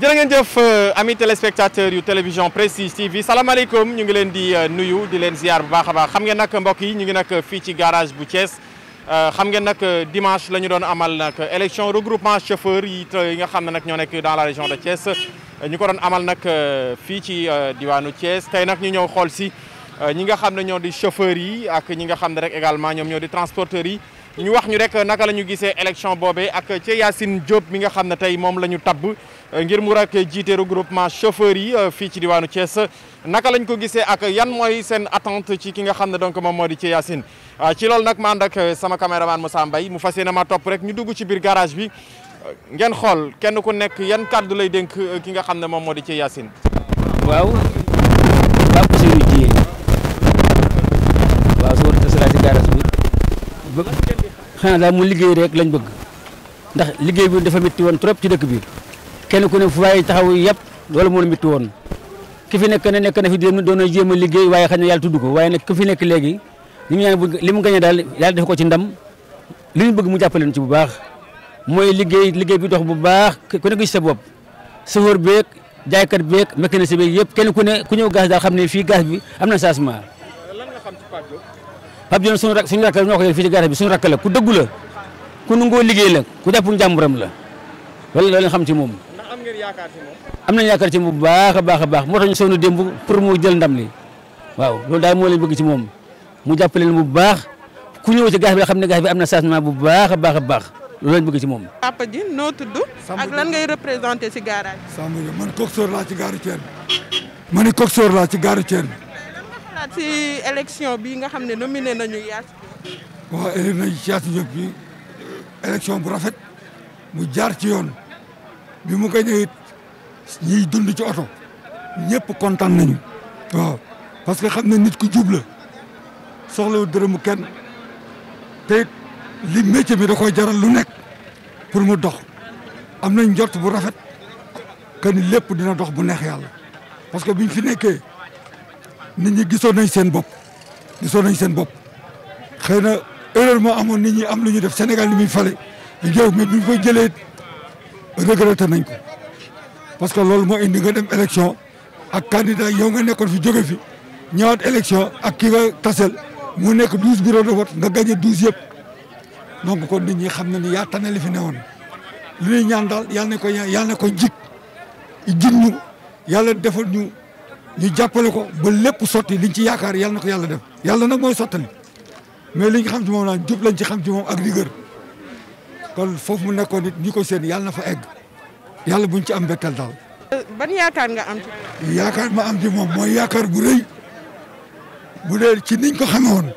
voilà à tous euh, téléspectateurs yu télévision Prestige TV Salam ñu ngi di euh, nuyu di ziar bu baax garage bu Thiès euh, xam dimanche élection regroupement chauffeur yi dans la région de Thiès Nous ko doon amal nous fi ci Thiès Nous nak ñu ñew xol ñi nga xam également transporteurs ñu wax ñu rek naka la ñu gisee élection boobee ak ci Yacine Diop mi nga xam ne tey moom la ñu tabb ngir mu rek jiite groupement chauffeurs yi euh, fii ci diwaanu Thiès naka lañ ko gisee ak yan mooy seen attente ci ki nga xam ne donc moom moo di ci Yacine euh, ci loolu nag ma ànd ak euh, sama caméraman Moussa mu fas yéene ma topp rek ñu dugg ci biir garage bi ngeen xool kenn ku nekk yan kàddu lay dénk ki nga xam ne moom moo di ci Yacine. waaw. waaw soo tasalaati garage bi. xanaa daal mu liggéey rek lañ bëgg ndax liggéey bi dafa métti woon trop ci dëkk bi kenn ku ne fu waaye taxaw yàpp loolu moo métti woon ki fi nekk ne nekk na fi dem doon na jéem a liggéey waaye xëy na yàlla tudd ko waaye nag ku fi nekk léegi li mu ñaan bëgg li mu gañe daal yàlla def ko ci ndam li bëgg mu jàppaleen ci bu baax mooy liggéey liggéey bi dox bu baax ku ne gis sa bopp chauffeur beeg jaaykat beeg mécanicien beeg yëpp kenn ku ne ku ñëw gaz daal xam ne fii gaas bi am na changement Pape Dione suñu rak suñu rakk la ñoo ko yor fii ci gare bi suñu rakk la ku dëggu la ku nungoo liggéey la ku jàpp njàmburam la loolu la xam ci moom. am ngeen yaakaar ci moom. am nañu yaakaar bu baax a baax a baax moo tax ñu sonn démb pour mu jël ndam li waaw loolu daal moo leen bëgg ci moom mu jàppale leen bu baax ku ñëw ci gare bi la xam ne gare bi am na changement bu baax a baax a baax loolu lañ bëgg ci moom. papa ji noo tudd. ak lan ngay représenté ci garage. Samb man coxeur laa ci gare Thiel. ma ne coxeur laa ci gare Thiel. xalaat si élection bi nga xam ne nominé nañu Yaas Diop. waaw éli nañu bi élection bu rafet mu jaar ci yoon bi mu gañee ñiy dund ci oto ñëpp kontaan nañu. waaw parce que xam ne nit ku jub la soxlawul mu kenn te li métier bi da koy jaral lu nekk pour mu dox am nañ njort bu rafet que ni lépp dina dox bu neex yàlla parce que biñ fi nekkee. nit ñu gisoon nañ seen bopp gisoon nañ seen bopp xëy na erreur moo amoon ni ñi am lu ñu def Sénégal ni muy fale réew mi bu ñu fa jëlee regretté nañ ko parce que loolu moo indi nga dem élection ak candidat yow nga nekkoon fi jóge fi ñëwaat élection ak ki nga tasel mu nekk douze bureaux de nga gagné douze yëpp donc ko ni ñu xam na ni yaa tane li fi newoon li ñaan daal yàlla na ko yàlla na ko jig jig ñu yàlla ñu ñu jàppale ko ba lépp sotti liñ ci yaakaar yàlla na ko yàlla def yàlla nag mooy sottali mais li nga xam ci moom naan jub lañ ci moom ak rigueur kon foofu mu nekkoon nit ñi ko seen yàlla na fa egg yàlla buñ ci am bettel daal. ban yaakaar nga am yaakaar ma am ci moom mooy yaakaar bu rëy bu dee ci niñ ko xamee woon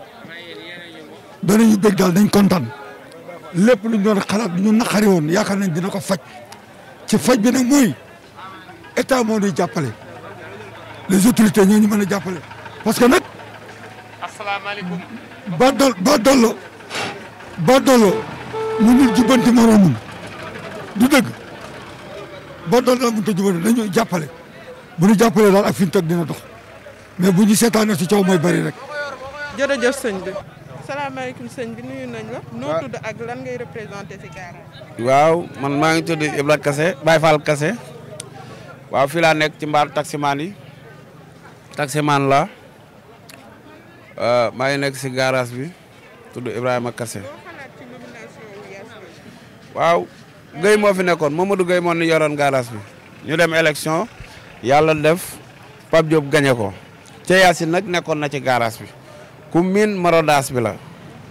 danañu bég daal dañ kontaan lépp luñ doon xalaat ñu naqari woon yaakaar nañ dina ko faj ci faj bi nag mooy état moo di jàppale. les autorités ñoo ñu mën a jàppale parce que nag. asalaamaaleykum. ba dol ba dollo ba dollo mënul jubbanti moroomam du dëgg ba dollo mënut a jubbanti dañuy jàppale bu ñu jàppalee daal ak fi ñu dina dox mais bu ñu seetaanee si coow mooy bari rek. jërëjëf sëñ bi. salaamaaleykum sëñ bi nuyu nañ la. noo tudd ak lan ngay représenté si garage. waaw man maa ngi tudd Ibrahima kase Baye Fall Kassé waaw fii laa nekk ci mbaar taximaan taximan la euh, maa ngi nekk si garage bi tudd Ibrahima Kassé waaw Guèye moo fi nekkoon Mamadou Guèye moo ni yoroon garage bi ñu dem élection yàlla def Pape Diop gagné ko ca Yacine nag nekkoon na ci garage bi ku miin marodage bi la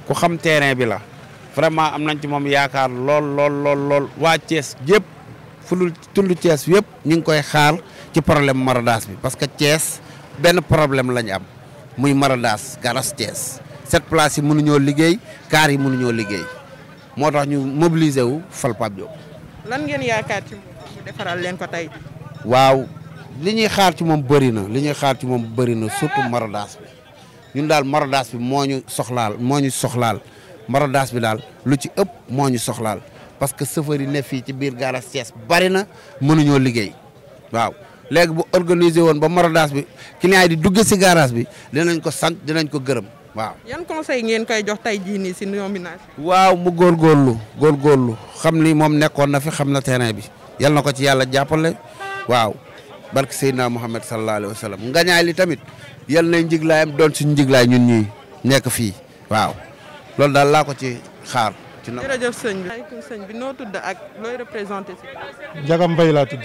ku xam terrain bi la vraiment am nañ ci moom yaakaar lool lool lool lool waa Thiès yëpp fu dul tund Thiès yëpp ñu ngi koy xaar ci problème marodage bi parce que Thiès benn problème lañ am muy Maradas garas Thiès cette place yi mënuñoo liggéey kaar yi mënuñoo liggéey moo tax ñu mobiliser wu fal Pape lan ngeen yaakaar ci mu defaral leen ko tey. waaw li ñuy xaar ci moom bëri na li ñuy xaar ci moom bëri na surtout Maradas bi ñun daal Maradas bi moo ñu soxlaal moo ñu soxlaal Maradas bi daal lu ci ëpp moo ñu soxlaal parce que chauffeur yi ne fii ci biir garas Thiès bari na mënuñoo liggéey waaw. leg bu organisé won ba maradas bi client di dugg ci garage bi dinañ ko sant dinañ ko gërëm waaw. yan conseil ngeen koy jox tay ji ni wow nomination. waaw mu góorgóorlu góorgóorlu xam ni mom nekkon na fi xam na terrain bi yalla nako ci yalla jàppale waaw barke Muhammad sallallahu alaihi wasallam sallam li tamit yalla lay njiglayam don ci njiglay ñun ñi nekk fi waaw lool dal la ko ci xaar. jërëjëf sëñ bi. sëñ bi tudd ak looy représenté si. Ndiaga Mbaye laa tudd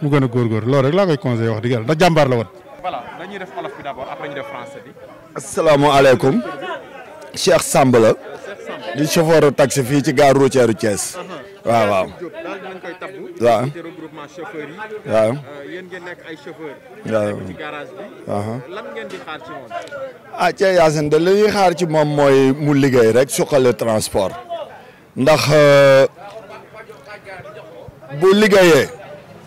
mu gën a góorgóor loolu rek laa koy conseillé wax dëgg yàlla ndax jàmbaar la woon. voilà dañuy def wolof bi d'abord après di chauffeur taxi fii ci gare routière Thiès. Uh-huh. waaw waaw. waaw. waaw. Euh, waaw. Uh-huh. ah Thia Yacine ci moom mooy mu liggéey rek suqale transport. ndax euh, bu liggéeyee.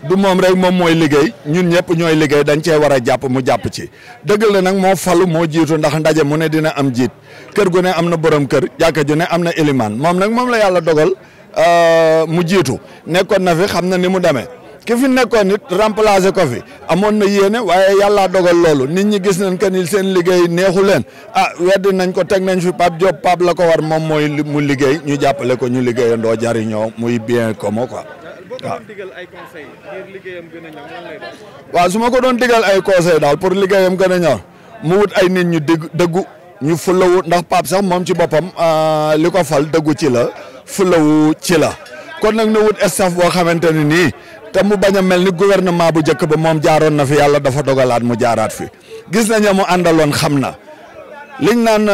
du moom rek moom mooy liggéey ñun ñëpp ñooy liggéey dañ cee war a jàpp mu jàpp ci dëgg la nag moo falu moo jiitu ndax ndaje mu ne dina am jiit kër gu ne am na borom kër jàkka ju ne am na élimaan moom nag moom la yàlla dogal euh, mu jiitu nekkoon na fi xam na ni mu demee ki fi nekkoon nit remplacer ko fi amoon na yéene waaye yàllaa dogal loolu nit ñi gis nañ que ni seen liggéey neexu leen ah weddi nañ ko teg nañ fi Pape Diop Pape la ko war moom mooy mu liggéey ñu jàppale ko ñu liggéeyandoo jariñoo muy bien comme quoi. waaw su ma ko doon digal ay conseil daal pour liggéeyam gën a mu wut ay nit ñu dégg ñu fulawu ndax Pape sax moom ci boppam ah, li ko fal dëggu ci la fulawu ci la kon nag na wut staff boo xamante ne nii mu gouvernement bu ba jaaroon na fi dafa mu jaaraat fi gis mu liñ naan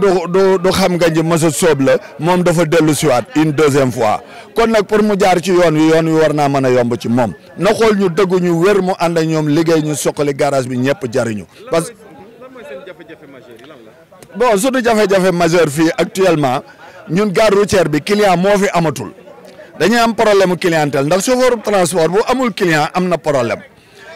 du du du xam nga ji masa sóob la moom dafa dellu siwaat une deuxième fois kon nag pour mu jaar ci yoon wi yoon wi war naa mën a yomb ci moom na xool ñu dëggu ñu wér mu ànd ak ñoom liggéey ñu soqali garage bi ñëpp jariñu parce que bon suñu jafe-jafe majeur fii actuellement ñun gare routière bi client moo fi amatul dañuy am problème clientèle ndax chauffeur transport boo amul client am na problème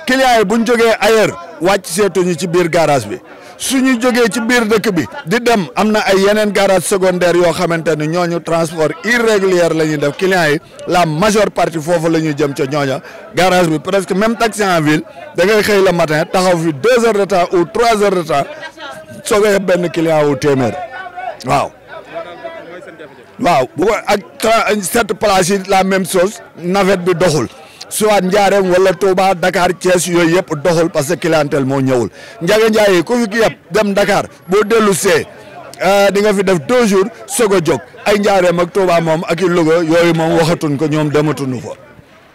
client yi buñ jógee ailleurs wàcc seetuñu ci biir garage bi su ñu jógee ci biir dëkk bi di dem am na ay yeneen garage secondaire yoo xamante ni ñooñu transport irrégulier la ñuy def clients yi la majeure partie foofu la ñuy jëm ca ñooña garage bi presque même taxi en ville dangay xëy le matin taxaw fi deux heures de temps ou trois heures de temps soogay benn client wu téeméer waaw. waaw bu ak cette place yi la même chose navette bi doxul. soit Njaareem wala Touba Dakar cees yooyu yëpp doxul parce que clientèle moo ñawul Ndiaga Ndiaye yi ku fi yëpp dem Dakar boo dellu see euh, di nga fi def deux jours soog a jóg ay Njaareem ak Touba moom ak i Louga yooyu moom waxatuñ ko ñoom dematuñu fa.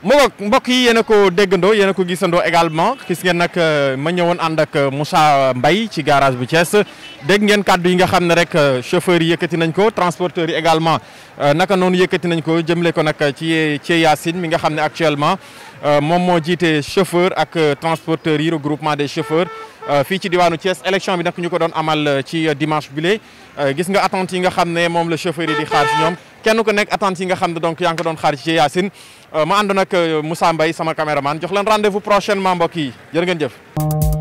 mu ngoog mbokk yi yéen a ko déggandoo yéen ko gisandoo également gis ngeen nag euh, ma ñëwoon ànd ak euh, Moussa mbay ci garage bu Thiès dégg ngeen kàddu yi nga xam ne rek euh, chauffeurs yi yekkati nañ ko transporteurs yi également naka noonu yëkkati nañ ko jëmle ko nag ci ci Yacine mi nga xam ne actuellement moom moo jiite chauffeur ak transporteurs yi regroupement des chauffeurs Euh, fii ci diwaanu Thiès élection bi nag ñu ko doon amal euh, ci euh, dimanche bi gis nga attentes yi nga xam ne moom la chauffeur yi di xaar ci ñoom kenn ku nekk attentes yi nga xam ne donc yaa ngi ko doon xaar ci Yacine ma àndoon ak Moussa mbay sama caméraman jox leen rendez-vous prochainement mbokk yi jërë ngeen jëf